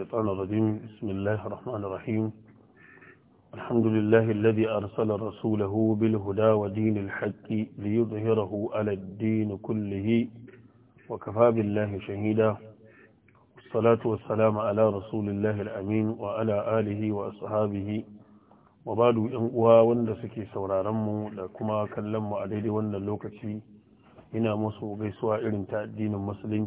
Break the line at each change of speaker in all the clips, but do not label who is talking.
الشيطان الرجيم بسم الله الرحمن الرحيم الحمد لله الذي أرسل رسوله بالهدى ودين الحق ليظهره على الدين كله وكفى بالله شهيدا والصلاة والسلام على رسول الله الأمين وعلى آله وأصحابه وبعد أنقوى واندسكي سورا رمو لكما كلموا عليه وانا لوكتي هنا مصر غيسوا إلن تأدين المسلمين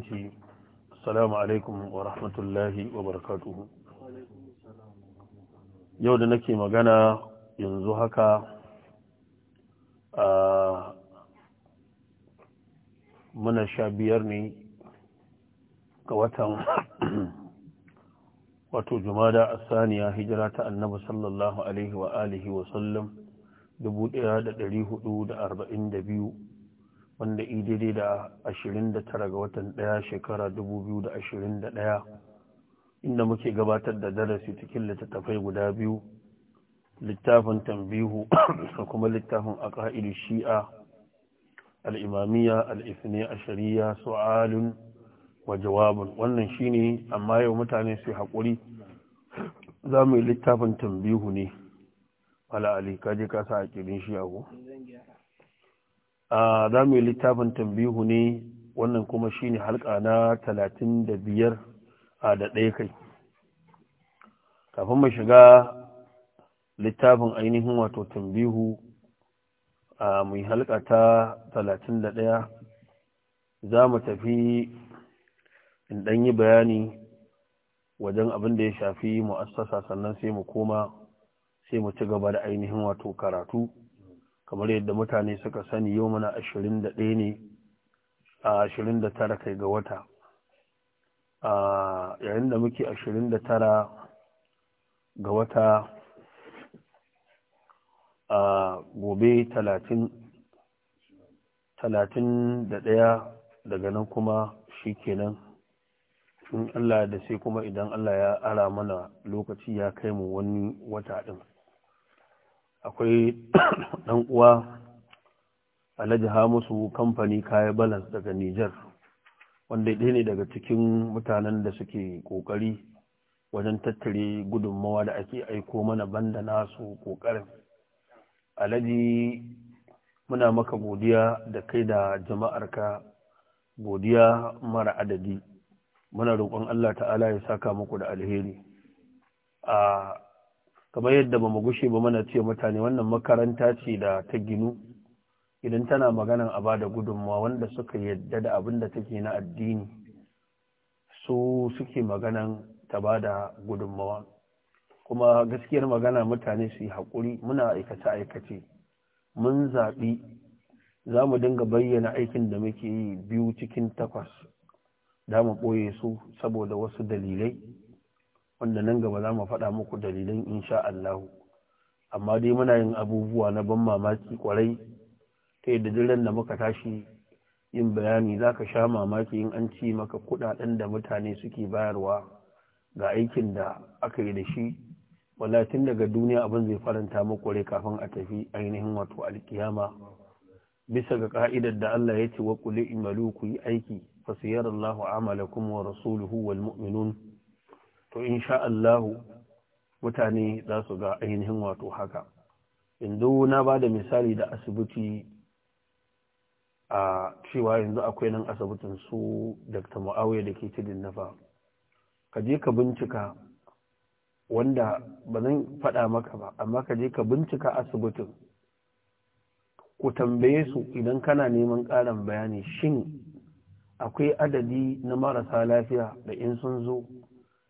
Assalamu alaikum wa rahmatullahi wa barakatuhu. Yau da nake magana yanzu haka a ah, muna sha biyar ne ga watan wato jumada a saniya hijira ta annabi sallallahu alaihi wa alihi wa sallam 1442 wanda daidai da 29 ga watan 1 shekara 2021 inda muke gabatar da darasi cikin littattafai guda biyu littafin tambihu da kuma littafin a ƙa'idu shi'a al'imamiya al'ifne a shari'a su'alun wa jawabin wannan shi ne, amma yau mutane su haƙuri za mu yi littafin tambihu ne ala ali kaji kasa a ƙirin shi'a ku? A'a za mu yi littafin tambihu ne wannan kuma shi ne halka na talatin da biyar a da ɗaya kai kafin mu shiga littafin ainihin wato tambihu a mai halka ta talatin da ɗaya za mu tafi in ɗan yi bayani wajen abin da ya shafi mu'assasa sannan sai mu koma sai mu ci gaba da ainihin wato karatu kamar yadda mutane suka sani yau muna ashirin da ɗaya ne a ashirin da tara kai ga wata a yayin da muke ashirin da tara ga wata a gobe talatin talatin da ɗaya daga nan kuma shi kenan in Allah da sai kuma idan Allah ya ara mana lokaci ya kai mu wani wata ɗin akwai ɗan uwa alhaji hamusu kamfani kaya balance daga Nijar wanda ɗaya ne daga cikin mutanen da suke ƙoƙari wajen tattare gudunmawa da ake aiko mana banda nasu ƙoƙarin alhaji muna maka godiya da kai da jama'arka godiya mara adadi muna roƙon Allah ta'ala ya saka muku da alheri a kamar yadda ba mu gushe ba mana ce mutane wannan makaranta ce da ta ginu idan tana maganan a bada gudunmawa wanda suka yadda da abin da take na addini su suke maganan ta bada gudunmawa kuma gaskiyar magana mutane su yi haƙuri muna aikace-aikace mun zaɓi za mu dinga bayyana aikin da muke yi biyu cikin takwas da mu ɓoye su saboda wasu dalilai wanda nan gaba za mu faɗa muku dalilan insha Allah amma dai muna yin abubuwa na ban mamaki kwarai ta yadda jiran da muka tashi yin bayani za ka sha mamaki in an ci maka kuɗaɗen da mutane suke bayarwa ga aikin da aka yi da shi tun daga duniya abin zai faranta muku rai kafin a tafi ainihin wato alkiyama bisa ga ka'idar da Allah ya ce wa imalu ku yi aiki fa sayyarallahu amalakum wa rasuluhu wal mu'minun to in sha Allahu mutane za su ga ainihin wato haka yanzu na ba da misali da asibiti a cewa yanzu akwai nan asibitin su dr mu'awiyar da ke tidin nafa ka je ka bincika wanda ba zan faɗa maka ba amma ka je ka bincika asibitin ku tambaye su idan kana neman ƙarin bayani shin akwai adadi na marasa lafiya da in sun zo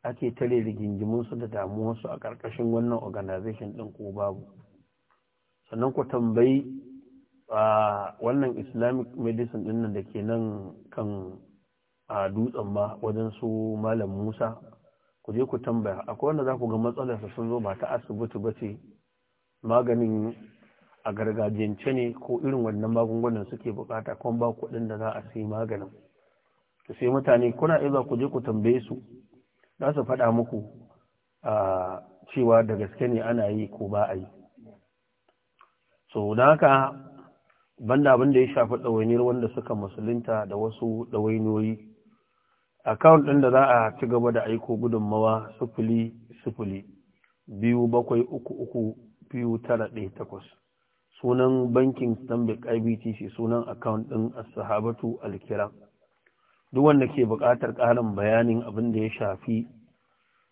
ake tare da su da damuwarsu a ƙarƙashin wannan organization ɗin ko babu sannan ku tambayi a wannan islamic medicine ɗin da ke nan kan a dutsen ma wajen su malam musa ku je ku tambaya akwai wanda za ku ga matsalarsa sun zo ba ta asibiti ba ce maganin a gargajiyance ne ko irin wannan magungunan suke bukata kuma ba kuɗin da za a sai maganin sai mutane kuna iza ku je ku tambaye su za su faɗa muku a cewa da gaske ne ana yi ko ba a yi so da haka banda abin da ya shafi ɗawainiyar wanda suka musulunta da wasu ɗawainiyoyi akawunt ɗin da za a ci gaba da aiko gudunmawa sufuli sufuli biyu bakwai uku uku biyu tara ɗaya takwas sunan bankin stanbic ibtc sunan akawunt ɗin asahabatu alkiram duk wanda ke buƙatar ƙarin bayanin abin da ya shafi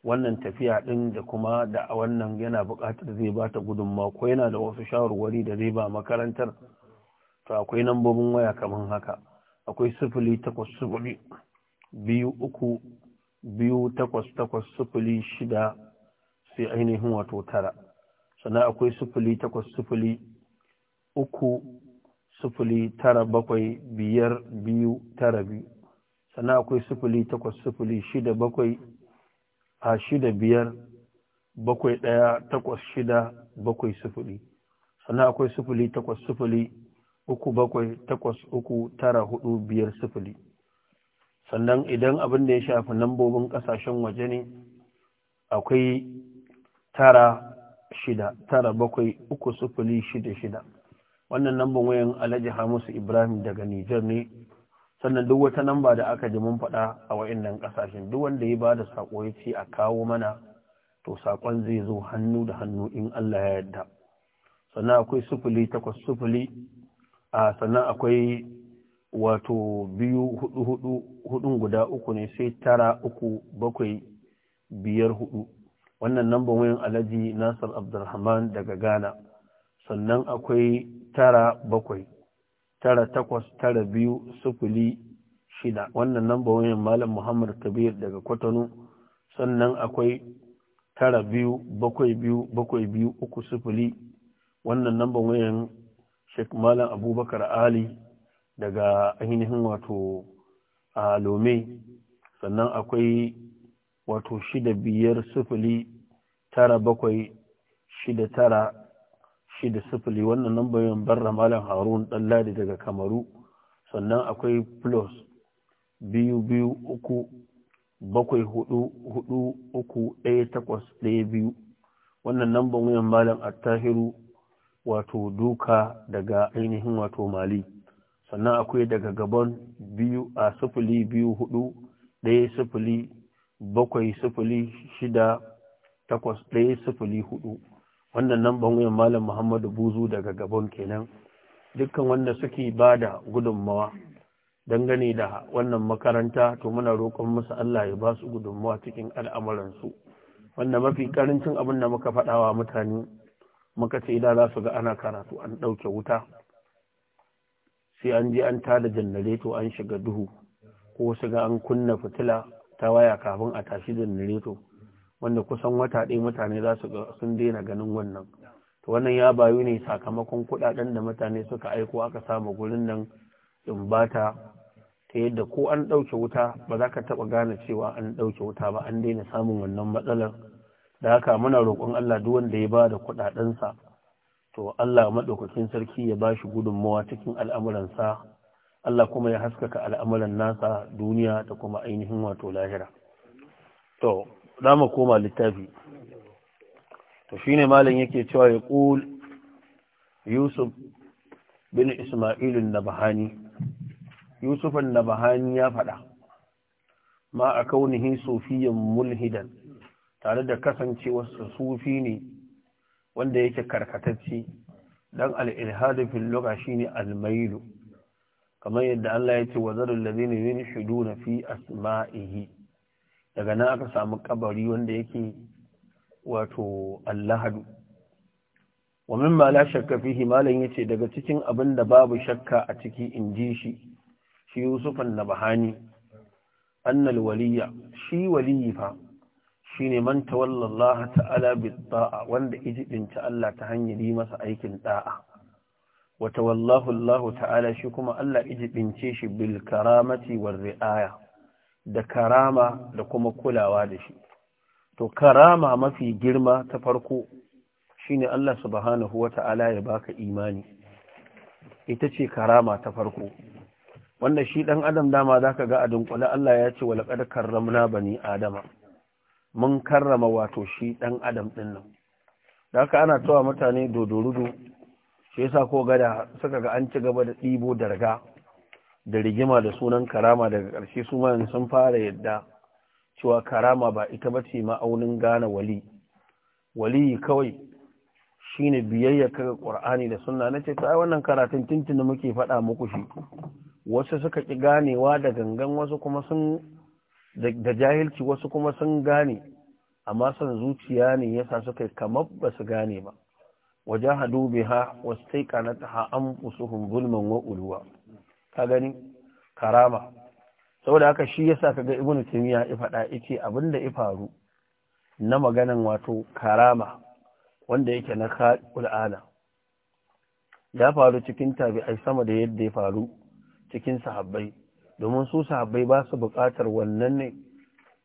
wannan tafiya ɗin da kuma da a wannan yana buƙatar zai ba ta gudunma ko yana da wasu shawarwari da zai ba makarantar to akwai nambobin waya kamar haka akwai sufuli takwas sufuli biyu uku biyu takwas takwas sufuli shida sai ainihin wato tara sannan akwai sufuli takwas sufuli uku sufuli tara bakwai biyar biyu tara biyu sannan akwai sufuli takwas sufuli shida bakwai a shida biyar bakwai ɗaya takwas shida bakwai sufuli sannan akwai sufuli takwas sufuli uku bakwai takwas uku tara hudu biyar sufuli sannan idan abin da ya shafi lambobin ƙasashen waje ne akwai tara shida tara bakwai uku sufuli shida shida wannan lambobin wayan alhaji hamisu ibrahim daga nijar ne sannan duk wata namba da aka ji mun faɗa a wa'annan ƙasashen duk wanda ya ba da saƙo ya ce a kawo mana to saƙon zai zo hannu da hannu in Allah ya yarda sannan akwai sufuli takwas sufuli a sannan akwai wato biyu hudu hudu hudun guda uku ne sai tara uku bakwai biyar hudu wannan namba wayan alhaji nasar abdulrahman daga ghana sannan akwai tara bakwai tara takwas tara biyu sufuli shida wannan namba wayan malam muhammad kabir daga kwatano sannan akwai tara biyu bakwai biyu bakwai biyu uku sufuli wannan namba wayan sheikh malam abubakar ali daga ainihin wato a lome sannan akwai wato shida biyar sufuli tara bakwai shida tara shida sifili wannan nambayin barra malam harun ɗanladi daga kamaru sannan akwai plus biyu biyu uku bakwai hudu hudu uku ɗaya takwas ɗaya biyu wannan namban wayan malam attahiru wato duka daga ainihin wato mali sannan akwai daga gabon biyu a sifili biyu hudu ɗaya sifili bakwai sifili shida takwas ɗaya sifili hudu wannan nan wuyan malam muhammadu buzu daga gabon kenan dukkan wanda suke ba da gudunmawa dangane da wannan makaranta to muna roƙon musu Allah ya ba su gudunmawa cikin al'amuransu wanda mafi karancin abin da muka faɗawa mutane muka ce idan za su ga ana karatu an ɗauke wuta sai an je an tada janareto an shiga duhu ko su ga an kunna fitila ta waya kafin a tashi janareto wanda kusan wata ɗaya mutane za su sun daina ganin wannan to wannan ya bayu ne sakamakon kuɗaɗen da mutane suka aiko aka samu gurin nan in bata ta yadda ko an ɗauke wuta ba za ka taɓa gane cewa an ɗauke wuta ba an daina samun wannan matsalar da haka muna roƙon Allah duk wanda ya ba da kuɗaɗensa to Allah maɗaukakin sarki ya ba shi gudunmawa cikin al'amuransa Allah kuma ya haskaka al'amuran nasa duniya da kuma ainihin wato lahira to zama koma littafi to shine malam yake cewa ya ƙul yusuf bin isma'il ismailun nabahani yusufan nabahani ya faɗa ma a kaunihin sufiyan mulhidan tare da kasancewarsa sufi ne wanda yake karkatacci dan fi al-lugha shine al-mailu kamar yadda Allah ya ce wa zarul ladina yunshiduna fi asma'ihi daga nan aka samu kabari wanda yake wato allahadu wa mimma la shakka fihi malan yace daga cikin abin da babu shakka a ciki inji shi shi Yusufan na bahani. annal waliya shi waliyi fa shine man tawalla Allah ta'ala bit-ta'a wanda ijibinta Allah ta hanyar yi masa aikin da'a wa tawallahu Allah ta'ala shi kuma Allah ijibince shi bil karamati war ri'aya da karama da kuma kulawa da shi to karama mafi girma ta farko shi ne Allah subhanahu ta'ala ya baka imani ita ce karama ta farko wanda shi ɗan adam dama za ka ga a dunkule Allah ya ce walakar karramna bani adama mun karrama wato shi ɗan adam ɗinnan. nan haka ana tawa mutane dodorudo shi yasa ko gada suka ga an ci gaba da ɗibo darga da rigima da sunan karama daga ƙarshe su sun fara yadda cewa karama ba ita ba ce ma'aunin gane wali wali kawai shine biyayya kaga Ƙur'ani da sunna ce ta wannan karatun tintin da muke faɗa muku shi wasu suka ki ganewa da gangan wasu kuma sun da jahilci wasu kuma sun gane amma son zuciya ne ya sa suka kamar ba su gane ba Wajen wajahadu biha wastaiqanataha ha'am zulman wa wa'uluwa ka gani karama saboda haka shi yasa kaga ibnu taymiya ya faɗa yace abinda ya faru na maganan wato karama wanda yake na khaqul ala ya faru cikin tabi'ai sama da yadda ya faru cikin sahabbai domin su sahabbai ba su buƙatar wannan ne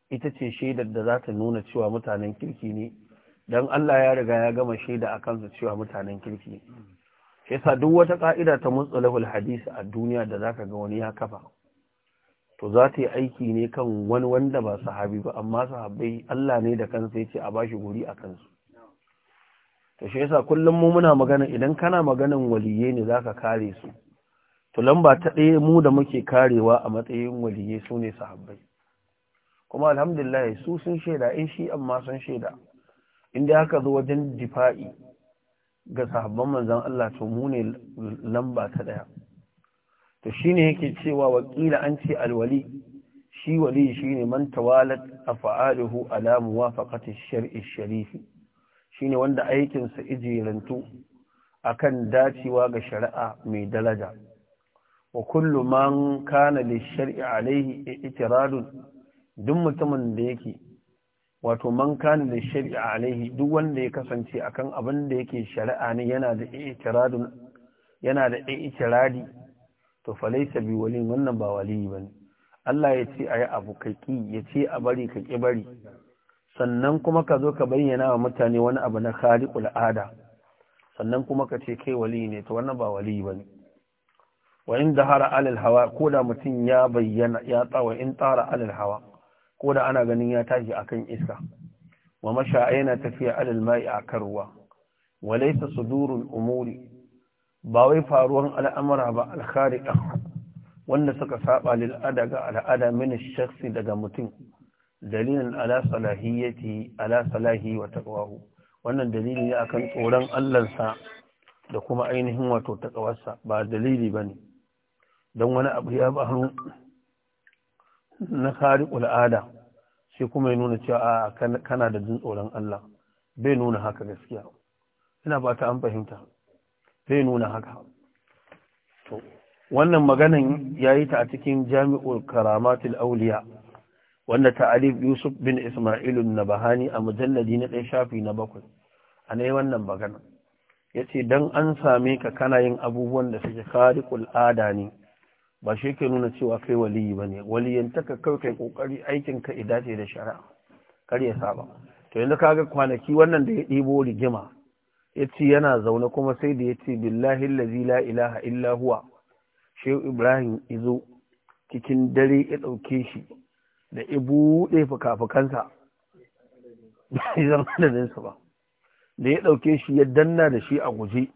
ita ce shaidar da za ta nuna cewa mutanen kirki ne don Allah ya riga ya gama shaida a kansu cewa mutanen kirki shi yasa duk wata ƙa'ida ta mutsalahul hadisi a duniya da zaka ga wani ya kafa to za ta yi aiki ne kan wani wanda ba sahabi ba amma sahabbai Allah ne da kansa yace a bashi guri a kansu to shi yasa kullum mu muna magana idan kana maganan waliye ne za ka kare su to lamba ta ɗaya mu da muke karewa a matsayin waliye su ne sahabbai kuma alhamdulillah su sun shaida in shi amma sun shaida inda haka zo wajen difa'i ga sahabban manzan Allah to mu ne lamba ta daya to shine yake cewa wakila an ce alwali shi wali shine man tawalat afa'aluhu ala muwafaqati shar'i sharifi shine wanda aikin sa ijirantu akan dacewa ga shari'a mai daraja wa kullu man kana lishari'i alaihi i'tiradun duk mutumin da yake wato man kana da shari'a alaihi duk wanda ya kasance akan abin da yake shari'a ne yana da i'tiradun yana da i'tiradi to laysa bi wali wannan ba wali bane Allah ya ce ayi abu kaki ya ce a bari ka ki bari sannan kuma ka zo ka bayyana wa mutane wani abu na khaliqul ada sannan kuma ka ce kai wali ne to wannan ba wali bane wa in dahara alal hawa ko da mutum ya bayyana ya tsawa in tsara alal hawa ko da ana ganin ya tashi akan iska wa masha yana tafiya alal mai kan ruwa wa laysa sudurul umuri ba wai faruwan al'amura ba al-khariqa wanda suka saba lil adaga al'ada min shakhsi daga mutum dalilin ala salahiyati ala salahi wa taqwahu wannan dalili ne akan tsoron Allahnsa da kuma ainihin wato taqwarsa ba dalili bane dan wani abu ya ba hannu na khariqul ada sai kuma ya nuna cewa a kana da jin tsoron Allah bai nuna haka gaskiya ina ba ta an fahimta bai nuna haka to wannan maganan yayi ta a cikin Jami'ul Karamatul Awliya wanda ta'alif Yusuf bin Isma'il an-Nabahani a mujalladi na ɗan shafi na bakwai, 7 anai wannan magana yace dan an same ka kana yin abubuwan da suke khariqul ada ne ba shi yake nuna cewa kai waliyi ba ne waliyantaka kai kai kokari aikin ka idace da shari'a kar ya saba to yanzu kaga kwanaki wannan da ya ɗibo rigima ya ce yana zaune kuma sai da ya ce billahi allazi la ilaha illa huwa shehu ibrahim izo cikin dare ya ɗauke shi da ya buɗe fuka-fukansa zama da ba da ya ɗauke shi ya danna da shi a guje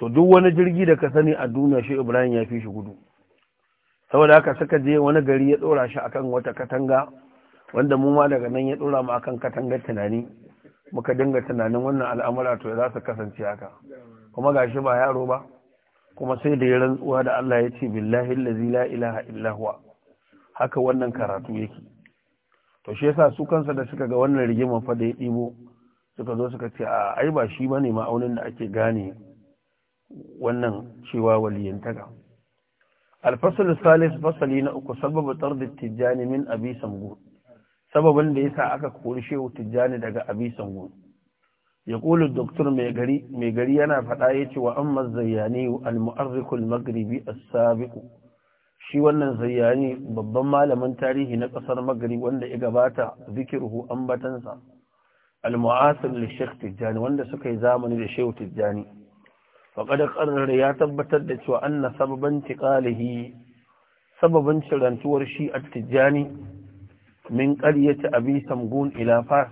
to duk wani jirgi da ka sani a duniya shi ibrahim ya fi shi gudu saboda haka suka je wani gari ya dora shi akan wata katanga wanda mu ma daga nan ya dora mu akan katangar tunani muka dinga tunanin wannan al'amura to za su kasance haka kuma gashi ba yaro ba kuma sai da ya rantsuwa da Allah ya ce billahi allazi la ilaha illa huwa haka wannan karatu yake to shi yasa su kansa da suka ga wannan rigimar fa da ya dibo suka zo suka ce a ai ba shi bane ma'aunin da ake gane wannan cewa waliyantaka alfasul salis fasali na uku sababa tardin tijjani min abi sango sababin da yasa aka kori shehu tijjani daga abi ya kula doktor mai gari yana faɗa ya ce wa amma zayyani al-mu'arrikul magribi as-sabiqu shi wannan zayyani babban malamin tarihi na ƙasar magari wanda ya gabata zikiruhu ambatansa al-mu'asir li tijjani wanda suka yi zamani da shehu tijjani faƙaɗa ƙarar ya tabbatar da cewa an na sababan tiƙalihi sababan cirantuwar shi a tijjani min ƙaryata abi samgun ila fas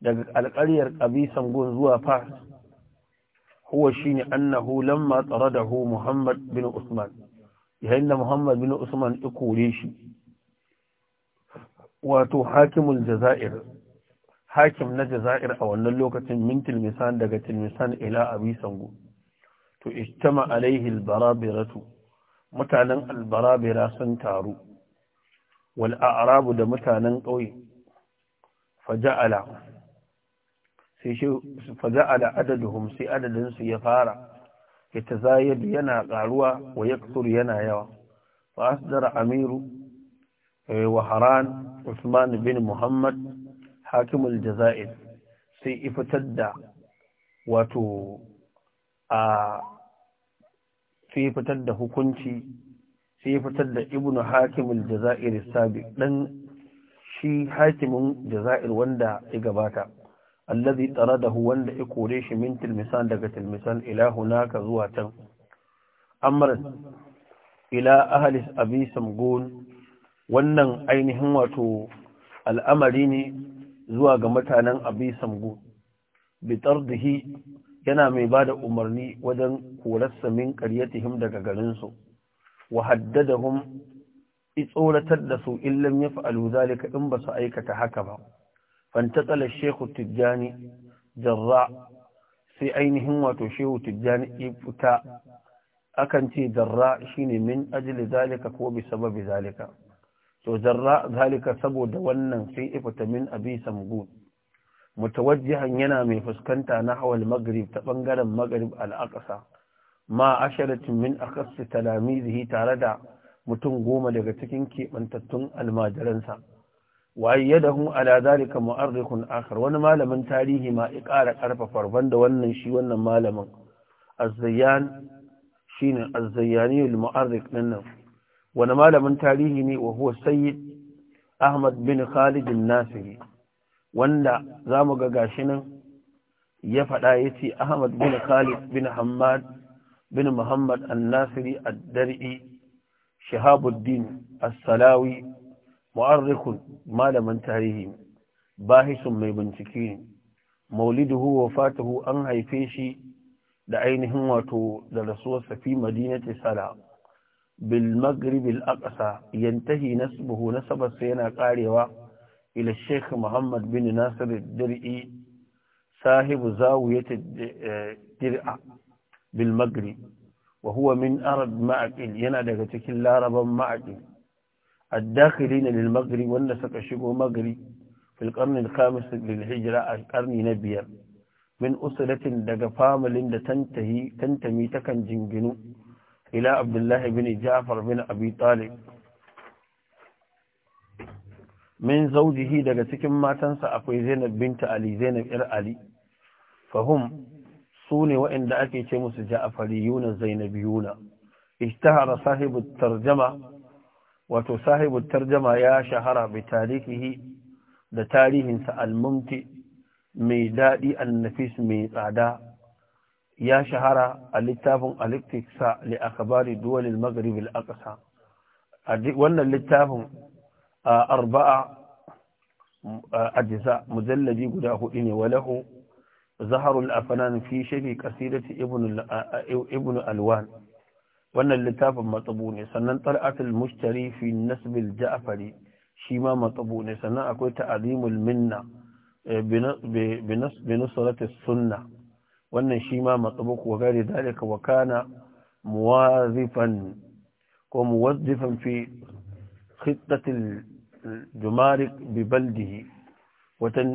daga alƙaryar abi samgun zuwa fas huwa shi ne annahu lamma tsara da hu muhammad bin usman yayin da muhammad bin usman ya kore shi wato hakimul jaza'ir hakim na jaza'ir a wannan lokacin min tilmisan daga tilmisan ila abi sango to ijtama alaihi albarabiratu mutanen albarabira sun taru wal a'rabu da mutanen ƙauye faja'ala sai shi faja'ala adaduhum sai adadin su ya fara yatazayyad yana ƙaruwa wa yakthur yana yawa fa asdara amiru wa haran Usman bin Muhammad hakimul jazair sai ifitar da wato a sai fitar da hukunci sai fitar da ibnu hakimin jaza'ir sabi dan shi hakimin jaza'ir wanda ya gabata allazi taradahu wanda ya kore shi min tilmisan daga tilmisan ila hunaka zuwa can amr ila ahli abi samgun wannan ainihin wato al'amari ne zuwa ga mutanen abi samgun bi tardihi yana mai ba da umarni wajen korarsa min ƙaryatihim daga garinsu wa haddadahum hun tsoratar da su illan ya fa'alu zalika in ba su aikata haka ba fantatsala shehu tijjani jarra sai ainihin wato shehu tijjani fita akan ce jarra shine min ajili zalika ko bi sababi zalika to jarra zalika saboda wannan sai ifta min abi samgun mutawajjihan yana mai fuskanta na hawal Magarib ta bangaren Magarib al-aqsa ma asharatin min akhassi talamizihi tare da mutum goma daga cikin keɓantattun almajiransa waye yadahu ala zalika mu'arrikhun akar? wani malamin tarihi ma ya ƙara ƙarfafar banda wannan shi wannan malamin az-zayyan wani malamin tarihi ne wa huwa sayyid ahmad bin khalid nasiri wanda za mu ga gashi nan ya faɗa ya ce ahmad bin khalid bin hamad bin muhammad annasiri addari shahabuddin assalawi mu'arrikun malaman tarihi bahisun mai bincike ne wa fatihu an haife shi da ainihin wato da rasuwar Safi madinati sala bil maghrib al aqsa yantahi nasbuhu nasabarsa yana karewa إلى الشيخ محمد بن ناصر الدرئي صاحب زاوية الدرئة بالمقري وهو من أرب معقل ينادى تكل لاربا معقل الداخلين للمقري والنسك شبه مقري في القرن الخامس للهجرة القرن نبيا من أسرة دقفام فامل تنتهي تنتمي تكن جنجنو إلى عبد الله بن جعفر بن أبي طالب min zaujihi daga cikin matansa akwai zainab binta ali zainab yar ali fahum su ne waɗanda ake ce musu ja'afariyuna zainabiyuna ishtahara sahibu tarjama wato sahibu tarjama ya shahara bi tarihihi da tarihinsa almumti mai daɗi Nafis mai tsada ya shahara a littafin aliktiksa li akabari duwalin maghrib al-aqsa wannan littafin آه، أربعة آه، أجزاء مجلد قداه إني وله ظهر الأفنان في شبه كثيرة ابن آه، ابن ألوان وأن اللتاف مطبوني سنن طلعت المشتري في النسب الجعفري شيما مطبوني سنن أكوي تعظيم المنة بنصرة السنة وأن شيما مطبوخ وغير ذلك وكان مواظفا وموظفا في خطة الجمارك ببلده وتن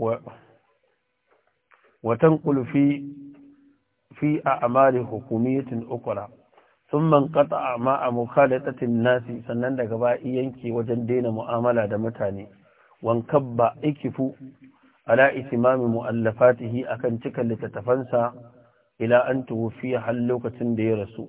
و وتنقل في في أعمال حكومية أخرى ثم انقطع مع مخالطة الناس سنند غبائيينك وجندين مؤاملة دمتاني وانكب إكفو على إتمام مؤلفاته أكن تكل لتتفنسا إلى أن توفي حلوكة تندير رسول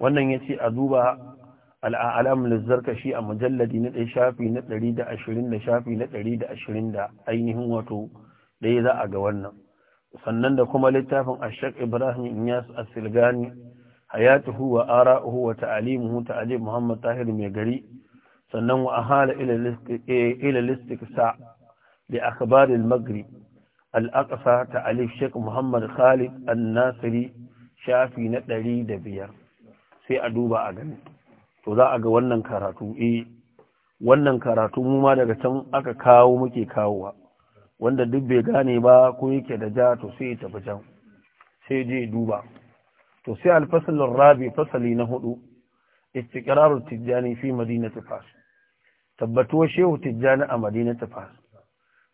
wannan ya ce a duba al'alam zarka shi a mujalladi na ɗaya shafi na ɗari da ashirin da shafi na ɗari da ashirin da ainihin wato ɗaya za a ga wannan sannan da kuma littafin ashek ibrahim inyas a silgani hayatuhu wa ara'uhu wa ta'alimuhu ta'alim muhammad tahir mai gari sannan wa ahala ila listiksa da akabarin magrib al'aƙasa ta'alif alif muhammad khalid an nasiri shafi na ɗari da biyar sai a duba a gani to za a ga wannan karatu E, wannan karatu mu ma daga can aka kawo muke kawowa wanda duk bai gane ba ko yake da ja to sai ya tafi can sai je duba to sai alfasalin rabi fasali na hudu istiqraru tijjani fi madinati fas tabbatuwa shehu tijjani a madinati fas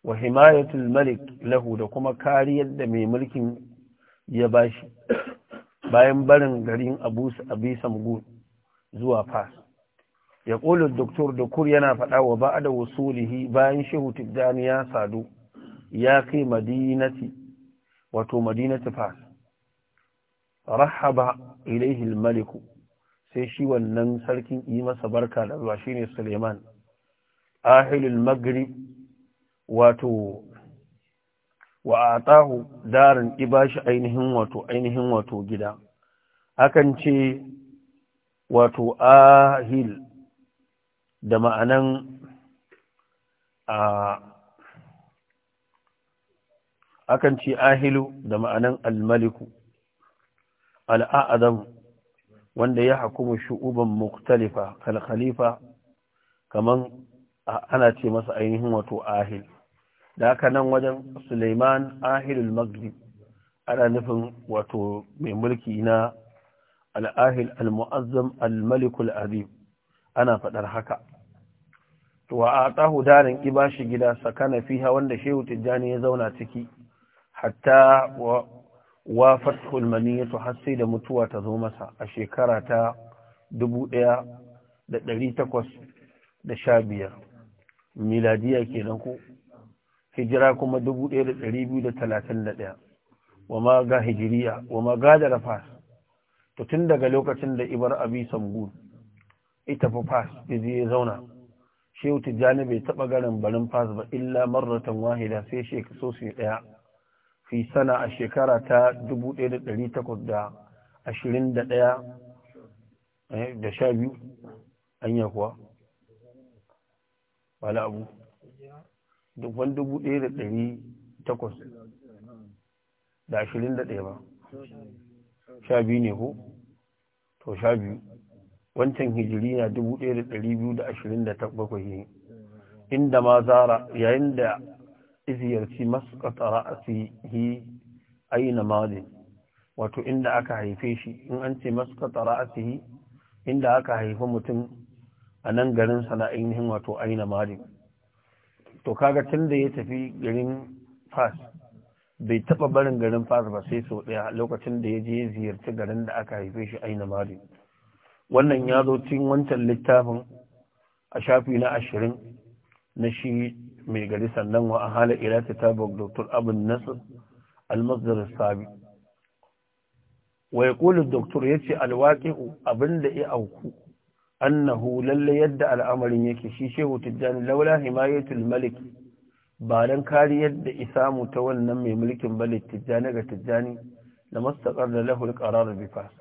wa himayatul malik lahu da kuma kariyar da mai mulkin ya bashi bayan barin garin abu zuwa fas ya ƙoli doktor kur yana faɗa wa ba da wasulihi bayan shehu tijjani ya sadu ya kai madinati wato madinati fas rahaba ilaihi maliku sai shi wannan sarkin yi masa barka da zuwa shine suleiman ahilul magrib wato wa atahu darin ibashi ainihin wato ainihin wato gida akan ce wato ahil da ma'anan a akan ce ahilu da ma'anan almaliku al'adam wanda ya hakumu shu'uban muktalifa khalifa kamar ana ce masa ainihin wato ahil da haka nan wajen suleiman ahilul maghrib ana nufin wato mai mulki na al'ahil al-mu'azzam al-malikul azim ana faɗar haka wa a tsahu darin ibashi gida sakana hawan da shehu tijjani ya zauna ciki hatta wa fathul maniyatu har sai da mutuwa ta zo masa a shekara ta da 1815 miladiya kenan ko hijira kuma 1231 wa ma ga hijiriya wa ma ga da rafas to tun daga lokacin da ibar abi sambul ita fa fas zai ya zauna shehu tijjani bai taɓa garin barin fas ba illa marratan wahida sai shekaru so sai daya fi sana a shekara ta 1821 eh, da sha biyu an kuwa wala abu dubban dubu ɗaya da ɗari takwas da ashirin da ɗaya ba sha biyu ne ko to sha biyu wancan hijiri na dubu ɗaya da ɗari biyu da ashirin da bakwai ne inda ma zara yayin da iziyarci maskata ra'asihi aina madin wato inda aka haife shi in an ce maskata ra'asihi inda aka haifi mutum a nan garin sana'in ainihin wato aina madin to kaga tun da ya tafi garin fas bai taba barin garin fas ba sai sau daya lokacin da ya je ziyarci garin da aka haife shi aina mari wannan ya zo cikin wancan littafin a shafi na ashirin na shi mai gari sannan wa ahala ta kitabuk dr abin nasir almasdar sabi Wai yaqulu doktor ce alwaqi'u abinda ya auku annahu lalle yadda al'amarin yake shi shehu tijjani laula himayatul malik ba dan kariyar da isamu ta wannan mai mulkin balik tijjani ga tijjani da mastakar da lahul karar Bifas,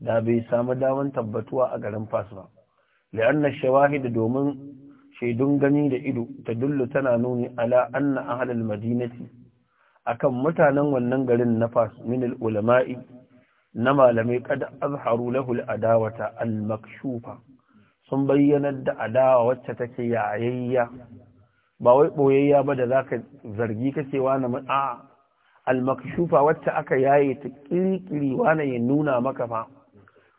da bai samu daman tabbatuwa a garin fas ba li'anna shawahid domin shaidun gani da ido ta dullu tana nuni ala anna ahlul madinati akan mutanen wannan garin na fas min ulama'i na malamai kada azharu Lahul adawata al-makshufa sun bayyanar da adawa wacce take yayayya ba wai boyayya ba da zaka zargi kace wani a almakshufa wacce aka yaye ta kirkiri wani ya nuna maka fa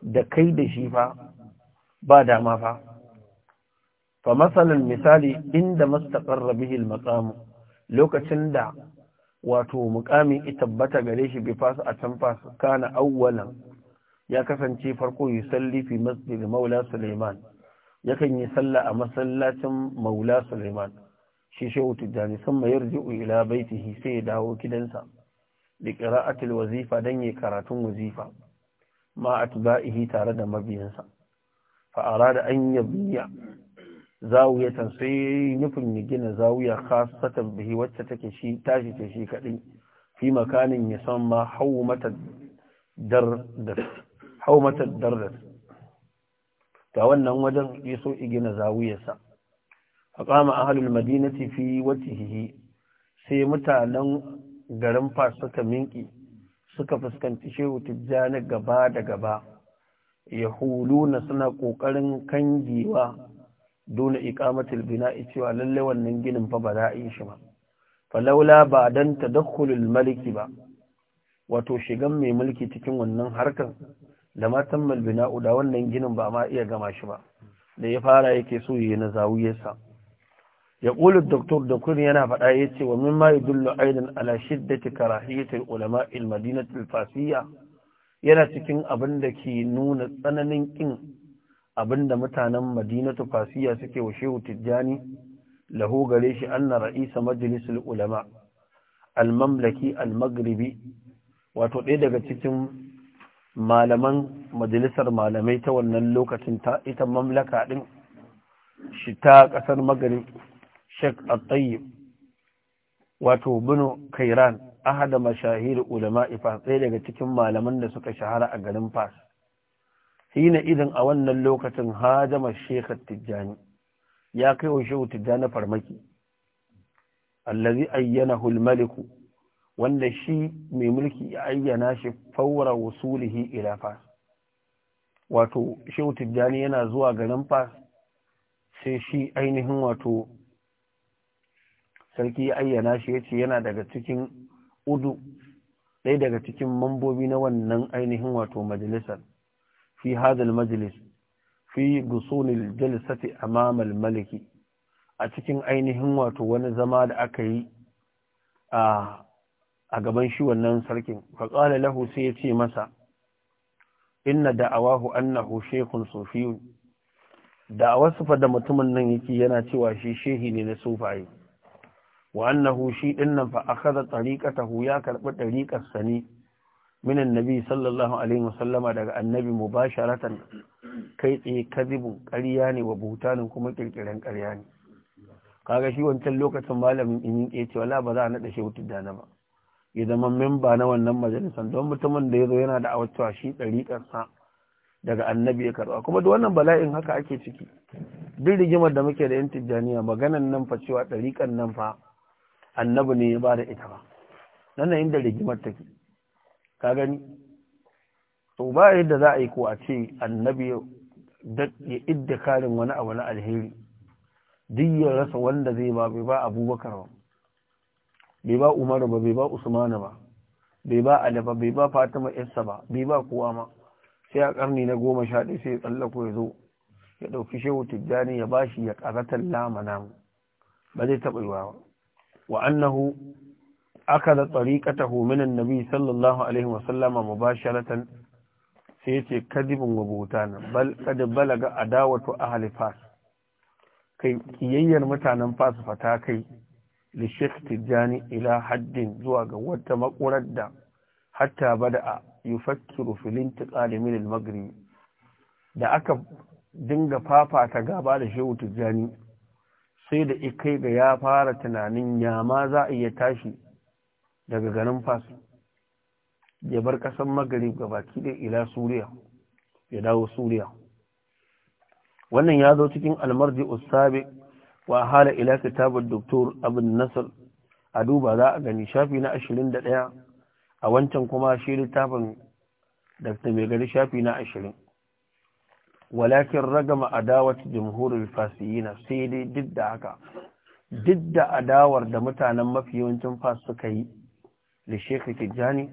da kai da shi fa ba dama fa fa masalan misali inda mastaqarra bihi almaqam lokacin da wato muqami ya tabbata gare shi bi fasu a can fasu kana awwalan ya kasance farko yusalli fi masjid maula suleiman yakan yi sallah a masallacin maula suleiman shi shehu tijjani sun mayar ji'u ila baitihi sai ya dawo gidansa da ƙira'atul wazifa don yi karatun wazifa ma atba'ihi tare da mabiyansa fa'ara da an yabiya zawiyatan sai nufin ya gina zawiya khasatan bihi wacce take shi tashi ce shi kadai fi makanin ya san ma haumata dar dar ta wannan wajen ya so igina zawiyarsa a kama ahalul madina fi wajhihi sai mutanen garin fas suka minki suka fuskanci shehu tijjani gaba da gaba ya na suna ƙoƙarin kangiwa dole ikamatul bina'i cewa lalle wannan ginin fa ba za a yi shi ba falaula ba dan tadakhulul maliki ba wato shigan mai mulki cikin wannan harkan da matan malbina da wannan ginin ba ma iya gama shi ba da ya fara yake so yi na zawiyarsa ya ƙulu doktor da kun yana faɗa ya ce wa min ma yi dullu aidan ala shiddati karahiyatul ulama il madinatul fasiya yana cikin abin da ke nuna tsananin ƙin abin da mutanen madinatu fasiya suke wa shehu tijjani lahu gare shi anna ra'isa majalisul ulama al mamlaki al maghribi wato ɗaya daga cikin malaman majalisar malamai ta wannan lokacin ta ita mamlaka ɗin shi ta ƙasar magani sheikh al-tayyib wato Bino kairan ahada mashahir ulama ifas ɗaya daga cikin malaman da suka shahara a garin fas hina idan a wannan lokacin hajama sheikh tijjani ya kai wa shehu tijjani farmaki allazi ayyana Hulmaliku. wanda shi mai mulki ya ayyana shi fawara wasulihi ila fas wato shehu tijjani yana zuwa garin fas sai shi ainihin wato sarki ya ayyana shi ya ce yana daga cikin udu ɗaya daga cikin mambobi na wannan ainihin wato majalisar fi hadal majalis fi gusunil jalisati amamal maliki a cikin ainihin wato wani zama da aka yi a a gaban shi wannan sarkin faƙala lahu sai ya ce masa inna da'awahu annahu shekun sufiyun da'awar fa da mutumin nan yake yana cewa shi shehi ne na sufaye wa annahu shi din nan fa akhadha tariqatahu ya karbi tariqar sani Minan annabi sallallahu alaihi wasallama daga annabi mubasharatan kai tsaye kadibun ƙarya ne wa butanin kuma kirkiran ƙarya ne kaga shi wancan lokacin malamin in yake cewa la ba za a naɗa shi wutar dana ba ya zama memba na wannan majalisar don mutumin da ya zo yana da awacewa shi ɗariƙarsa daga annabi ya karɓa kuma da wannan bala'in haka ake ciki duk rigimar da muke da yan tijjaniya maganan nan fa cewa ɗariƙar nan fa annabi ne ya ba da ita ba nan inda rigimar take ka gani to ba yadda za a yi ko a ce annabi ya idda karin wani abu na alheri duk ya rasa wanda zai ba bai ba abubakar ba bai ba Umar ba bai ba Usman ba bai ba Ali ba bai ba Fatima yarsa ba bai ba kowa ma sai a karni na goma sha ɗaya sai ya tsallako ya zo ya ɗauki shehu tijjani ya bashi ya ƙaratar lamana ba zai taɓa yiwa ba wa annahu aka da tsariƙatahu minan nabi sallallahu alaihi wasallama mubasharatan sai ya ce kadibin wabuta nan bal kada balaga adawatu ahli fas kai kiyayyar mutanen fas fata kai لشيخ تجاني إلى حد زواج وتمقرد حتى بدأ يفكر في الانتقال من المغرب da aka dinga fafata gaba da shehu tijjani sai da ikai ga ya fara tunanin ya ma za a iya tashi daga garin fas ya bar ƙasar magarib ga baki da ila suriya ya dawo suriya wannan ya zo cikin almarji usabi wa hala ila kitabar doktor abin nasar a duba za a gani shafi na ashirin a wancan kuma shi littafin dakta mai gari shafi na ashirin walakin ragama adawat jamhurin fasiyina sai dai duk da haka duk da adawar da mutanen mafi yawancin fas suka yi da shekhi tijjani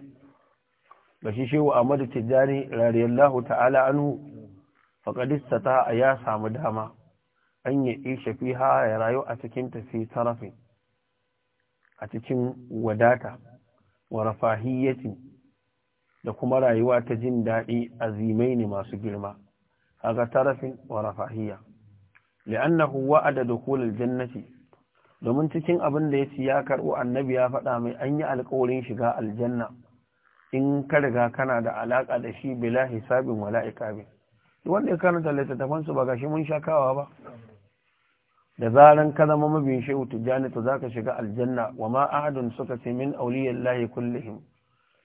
ga shi shehu ahmadu tijjani rariyallahu ta'ala anhu faƙadista ta ya samu dama an ya ishe fi ha ya rayu a cikin tafi tarafin a cikin wadata wa rafahiyyati da kuma rayuwa ta jin daɗi azimai ne masu girma ga tarafin wa rafahiyya li'annahu wa'ada dukhul jannati domin cikin abin da yace ya karbo annabi ya faɗa mai an yi alƙawarin shiga aljanna in ka riga kana da alaka da shi bila hisabin wala iqabi wanda ya karanta littattafan su ba gashi mun shakawa ba da zaran ka zama mabin shehu tijjani to zaka shiga aljanna wa ma ahadun suka ce min auliyallahi kullihim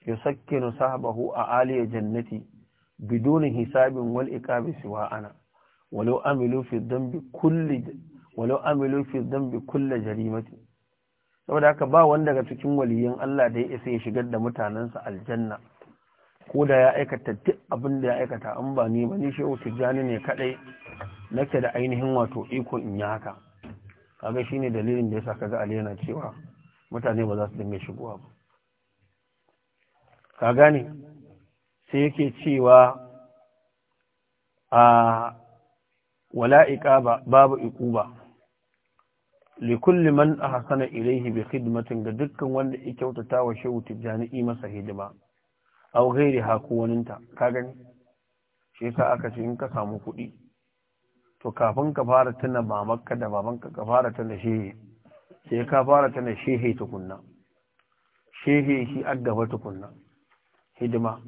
yusakkinu sahbahu a aliya jannati biduni hisabin wal iqabi siwa ana walau amilu fi dambi kulli walau amilu fi dambi kulli jarimati saboda haka ba wanda daga cikin waliyin Allah da ya isa ya shigar da mutanansa aljanna ko da ya aikata duk abin da ya aikata an ba ni ba ni shehu tijjani ne kadai nake da ainihin wato iko in yi haka kaga shine dalilin da yasa kaga Ali yana cewa mutane ba za su dinga shigowa ba ka gane sai yake cewa a wala ba babu iquba li kulli man ahsana ilayhi bi khidmatin ga dukkan wanda ya kyautata wa shehu tijjani masa hidima au gairi haku ka gani shi ka aka ce in ka samu kuɗi to kafin ka fara tuna mamakka da babanka ka fara tuna shehe sai ka fara tuna shehe tukunna shehe shi addaba tukunna hidima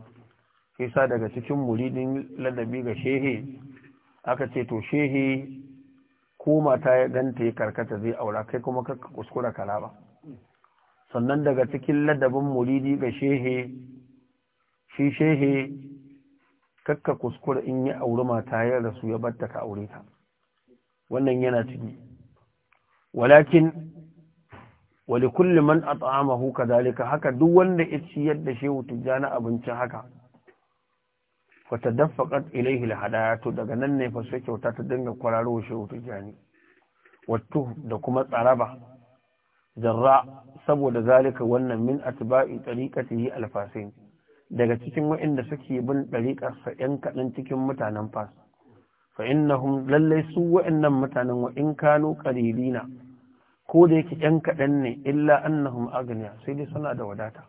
shi sa daga cikin muridin ladabi ga shehe aka ce to shehe ko mata ya danta ya karkata zai aura kai kuma ka kuskura kalaba sannan daga cikin ladabin muridi ga shehe shi shehe kakka kuskure in ya auri mata ya rasu ya batta ka aure ta wannan yana ciki walakin wali kulli man at'amahu zalika haka duk wanda ya ci da shehu tujana abincin haka fa tadaffaqat ilayhi alhadaya to daga nan ne fa sai kyauta ta dinga kwararo shehu tujani wattu da kuma tsaraba jarra saboda zalika wannan min atba'i tariqatihi alfasini daga cikin waɗanda suke bin ɗariƙarsa ‘yan kaɗan cikin mutanen fas fa innahum lallai su waɗannan mutanen wa in kano ƙalilina ko da yake ‘yan kaɗan ne illa annahum agniya sai dai suna da wadata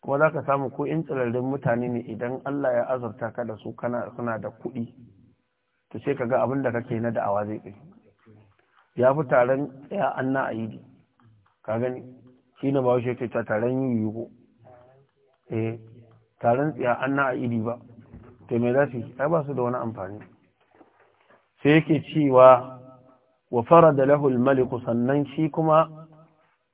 kuma za ka samu ko ‘yan tsirarrin mutane ne idan Allah ya azurta ka da su kana suna da kuɗi to sai ka ga abin da kake na da'awa zai ɗi ya fi taron ya anna a yi ka gani shi na ba shi ta taron yi yiwu eh taron tsiya an na a iri ba to me za su ba su da wani amfani sai yake cewa wa da lahul maliku sannan shi kuma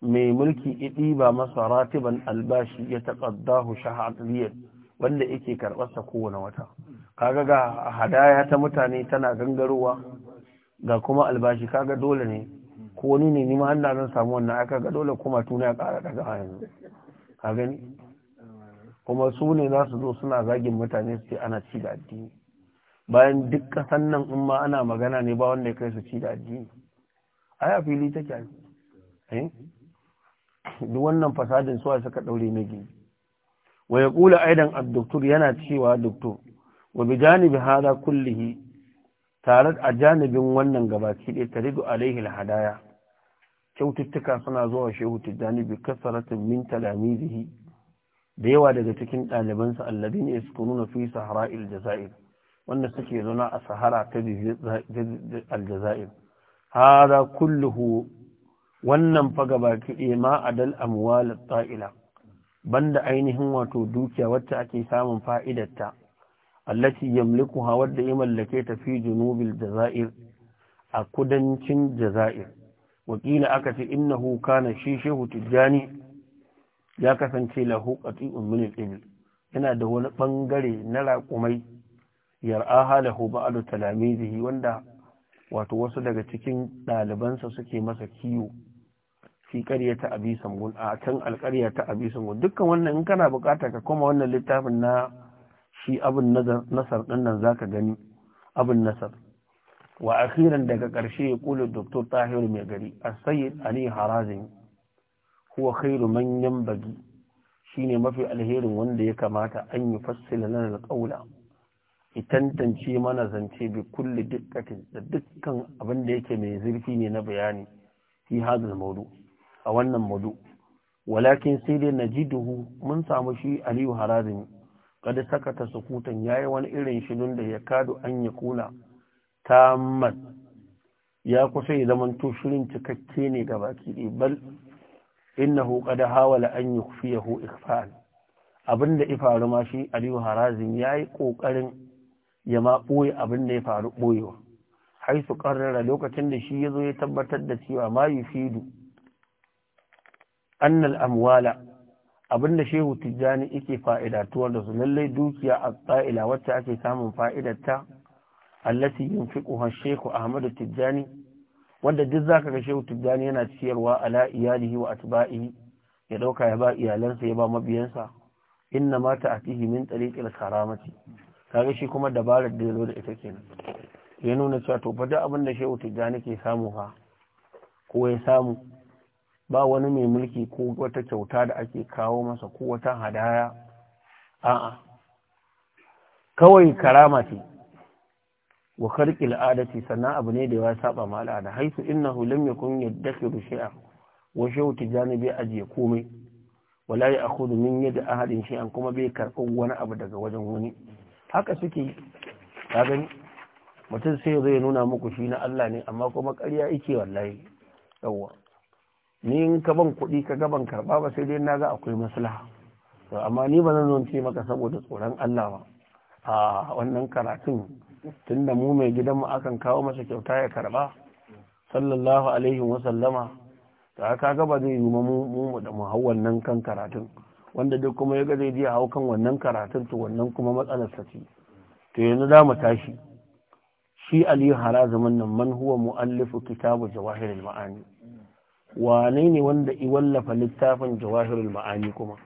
mai mulki idi ba masa ratiban albashi ya taqaddahu shahriyyan wanda yake karbarsa kowane wata kaga ga hadaya ta mutane tana gangarowa ga kuma albashi kaga dole ne ko ni ne ni ma hannu zan samu wannan aka ga dole kuma tuna ya ƙara daga yanzu ka gani kuma su ne za su zo suna zagin mutane su ce ana ci da addini bayan duk kasan nan in ma ana magana ne ba wanda ya kai su ci da addini a a fili take eh duk wannan fasadin suwa suka daure na gini wa ya kula aidan ad yana cewa doktor wa bi janibi hada kullihi tare a janibin wannan gabaki ɗaya da alaihi al-hadaya kyaututtuka suna zuwa shehu tijjani bi kasaratin min talamizihi da yawa daga cikin ɗalibansa allabin ya suka nuna fi sahara aljazair wanda suke zauna a sahara ta aljazair hada kulluhu wannan faga baki ɗaya ma adal amwal ta'ila banda ainihin wato dukiya wacce ake samun fa'idarta allati yamlikuha wadda ya mallake ta fi junubil jazair a kudancin jazair wakila aka ce innahu kana shi shehu tijjani ya kasance lahu qati'un min al yana da wani bangare na raƙumai yar'aha lahu ba'du talamizihi wanda wato wasu daga cikin ɗalibansa suke masa kiwo fi ta abi samgun a can alƙarya ta abi samgun dukkan wannan in kana bukata ka koma wannan littafin na shi abin nasar ɗin nan ka gani abin nasar wa akhiran daga ƙarshe ya kula doktor tahiru mai gari a sayyid ali harazin huwa khairu man yanbaghi shine mafi alherin wanda ya kamata an yi fassila lana alqawla tantance mana zance bi kulli dikkatin da dukkan abin da yake mai zurfi ne na bayani fi hadal mawdu a wannan mawdu walakin sai dai najiduhu mun samu shi aliyu harazin kada sakata sukutan yayi wani irin shirin da ya kadu an ya kula tamman ya kusa ya zaman to shirin cikakke ne ga baki bal innahu qad hawala an yukhfiyahu ikhfa'an abinda ya faru ma shi Aliyu harazin yayi kokarin ya ma boye abinda ya faru boyewa haisu qarrara lokacin da shi yazo ya tabbatar da cewa ma yufidu anna al-amwala abinda Shehu Tijjani yake fa'idatuwar da su lallai dukiya a tsa'ila wacce ake samun fa'idarta allati yunfiquha Shehu Ahmadu Tijjani wanda duk zaka ga shehu tijjani yana ciyarwa ala iyalihi wa atba'i ya dauka ya ba iyalansa ya ba mabiyansa inna ma ta'tihi min tariqil karamati kaga shi kuma dabarar da ita kenan ya nuna cewa to fa duk abin da shehu tijjani ke samu fa ko ya samu ba wani mai mulki ko wata kyauta da ake kawo masa ko wata hadaya a'a kawai karama ce wa kharqil adati sannan abu ne da ya saba ma al'ada haisu innahu lam yakun yadakhiru shay'a wa a tijani bi ajiye komai wala ya akhudhu min yadi ahadin shay'an kuma bai karɓi wani abu daga wajen wani haka suke ka gani mutum sai zai nuna muku shi na Allah ne amma kuma ƙarya yake wallahi yawwa ni in ka ban kuɗi ka ga ban karɓa ba sai dai na ga akwai maslaha to amma ni ba zan ce maka saboda tsoron Allah ba a wannan karatun tunda mu mai gidanmu akan kawo masa kyauta ya karba sallallahu alaihi wasallama ta kaga ba zai yi mu da mu hau wannan kan karatun wanda duk kuma ya ga zai je hau kan wannan karatun to wannan kuma matsalar sa ce to yanzu za mu tashi shi aliyu zaman nan man huwa mu'allifu kitabu jawahirul ma'ani wane ne wanda i wallafa littafin jawahirul ma'ani kuma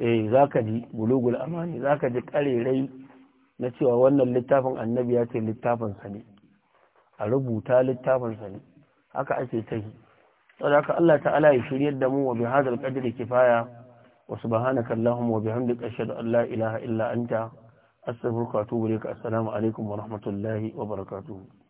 eh zaka ji bulugul amani zaka ji karerai na cewa wannan littafin annabi ya ce littafin ne a rubuta littafin ne haka ake yi. saboda ka Allah ta'ala ya shiryar da mu wa bi hadal qadri kifaya wa subhanaka allahumma wa bihamdika ashhadu an la ilaha illa anta astaghfiruka wa atubu ilaik assalamu alaikum wa rahmatullahi wa barakatuh